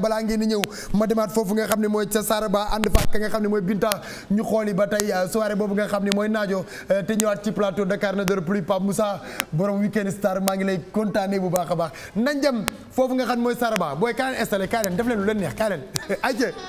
balaa ngeen di ñëw ma demaat foofu nga xam ne mooy ca Saraba ànd fa ak nga xam ne mooy Binta ñu xooli ba tey euh, soirée boobu nga xam ne mooy naajo euh, te ñëwaat ci plateau Dakar ne dort plus Pape Moussa borom weekend star maa ngi lay kontaane bu baax a baax nañ dem foofu nga xam ne mooy Saraba booy kaa leen installé kaa leen def leen lu leen neex kaa leen ayca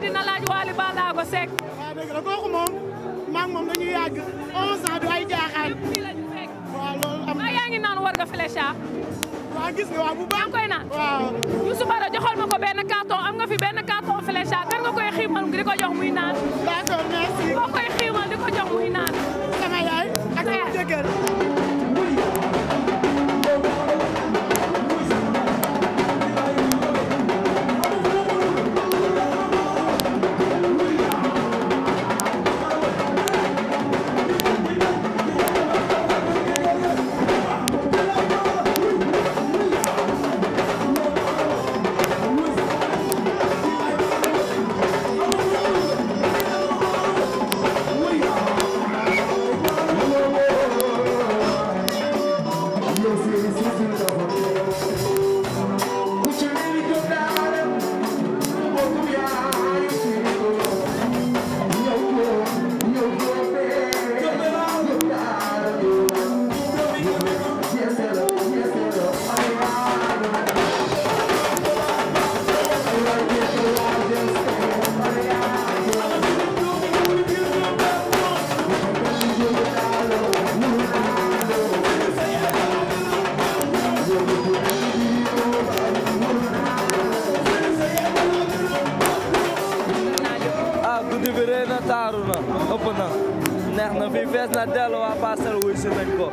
dina laaj Wally Ballago Seck. waaw maa ngi moom dañuy yàgg 11 du ay jaaxaan. waaw yaa ngi naan war nga flécha. waaw gis nga waaw bu baax. naan waaw. Youssou Bara joxal ma ko benn carton am nga fi benn carton flécha kan nga koy xiimal di ko muy naan. d'accord merci. boo koy xiimal di ko muy naan. sama yaay ak sama jëkkër. Deus e guddi bi rëy na taaru na ëpp na neex na fii fees na dellu waa Parcelles wuy si nañ ko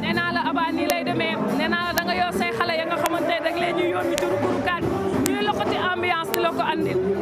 nee naa la Aba nii lay demee nee naa la da nga say xale ya nga xamante ne leen ñuy yónni ci rukkuru kaan ñuy loxoti ambiance di la andil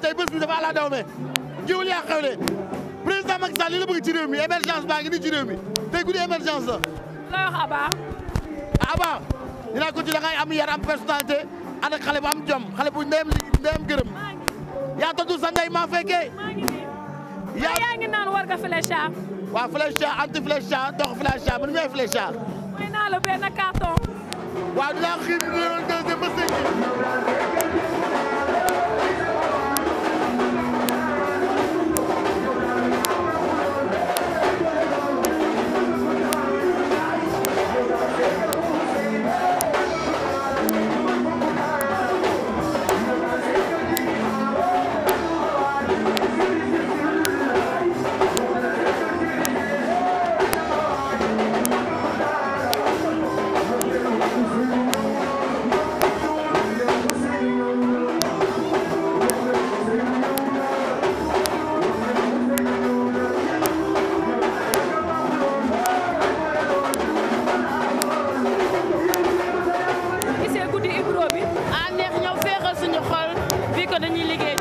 te bés bi dafa àllaa daw me jiwul yaa xewle président Macky Sall li la bëgg baa ngi nii ci réew mi tey guddi émergence Aba. ah Aba ñu naan am yar am personnalité ànd ak am jom xale bu li ndeyam gërëm yaa toddul sa ndey maa fekkee. yaa yaa ngi war nga flécha. waaw flécha anti flécha dox flécha man mii ay flécha. may naa la benn carton. waaw dañuy liggéey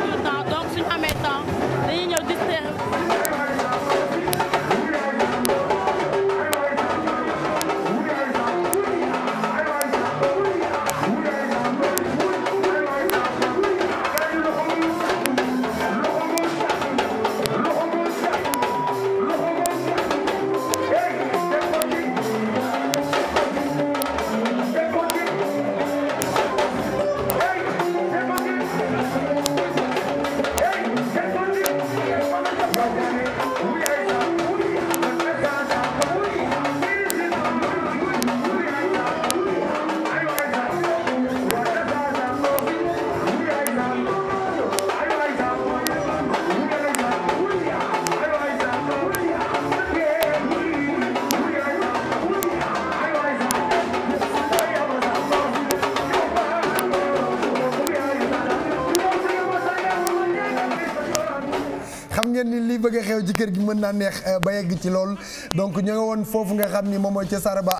bëgg a xew ci kër gi mën naa neex euh, ba yegg ci lool donc ñu woon foofu nga xam ni moom mooy ca Saraba